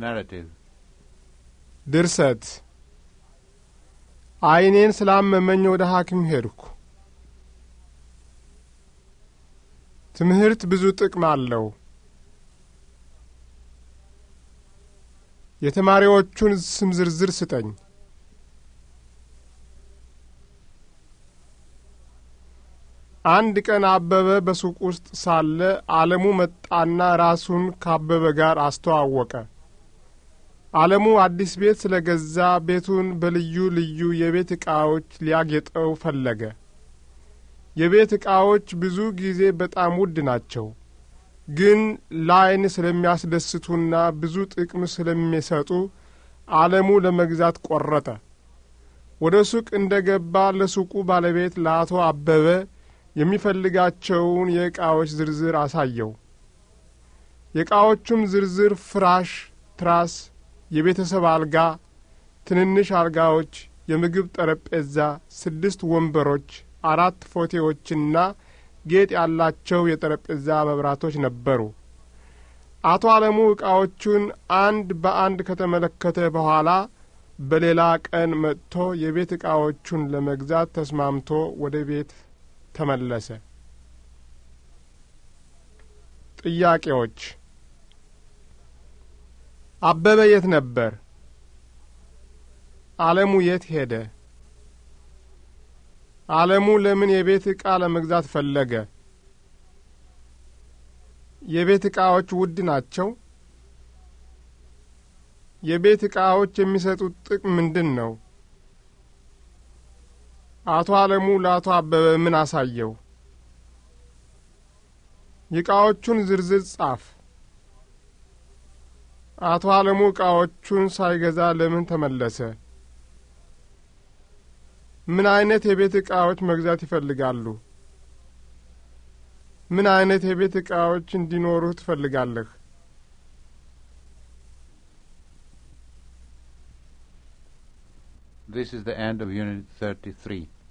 ናራቲቭ ድርሰት አይኔን ስላመመኝ ወደ ሐኪም ሄድኩ። ትምህርት ብዙ ጥቅም አለው። የተማሪዎቹን ስም ዝርዝር ስጠኝ። አንድ ቀን አበበ በሱቅ ውስጥ ሳለ ዓለሙ መጣና ራሱን ከአበበ ጋር አስተዋወቀ። አለሙ አዲስ ቤት ስለ ገዛ ቤቱን በልዩ ልዩ የቤት ዕቃዎች ሊያጌጠው ፈለገ። የቤት ዕቃዎች ብዙ ጊዜ በጣም ውድ ናቸው፣ ግን ለአይን ስለሚያስደስቱና ብዙ ጥቅም ስለሚሰጡ አለሙ ለመግዛት ቈረጠ። ወደ ሱቅ እንደ ገባ ለሱቁ ባለቤት ለአቶ አበበ የሚፈልጋቸውን የዕቃዎች ዝርዝር አሳየው። የዕቃዎቹም ዝርዝር ፍራሽ፣ ትራስ የቤተሰብ አልጋ፣ ትንንሽ አልጋዎች፣ የምግብ ጠረጴዛ፣ ስድስት ወንበሮች፣ አራት ፎቴዎችና ጌጥ ያላቸው የጠረጴዛ መብራቶች ነበሩ። አቶ አለሙ ዕቃዎቹን አንድ በአንድ ከተመለከተ በኋላ በሌላ ቀን መጥቶ የቤት ዕቃዎቹን ለመግዛት ተስማምቶ ወደ ቤት ተመለሰ። ጥያቄዎች አበበ የት ነበር? አለሙ የት ሄደ? አለሙ ለምን የቤት ዕቃ ለመግዛት ፈለገ? የቤት ዕቃዎች ውድ ናቸው? የቤት ዕቃዎች የሚሰጡት ጥቅም ምንድን ነው? አቶ አለሙ ለአቶ አበበ ምን አሳየው? የዕቃዎቹን ዝርዝር ጻፍ። አቶ አለሙ ዕቃዎቹን ሳይገዛ ለምን ተመለሰ? ምን አይነት የቤት ዕቃዎች መግዛት ይፈልጋሉ? ምን አይነት የቤት ዕቃዎች እንዲኖሩህ ትፈልጋለህ? This is the end of Unit 33.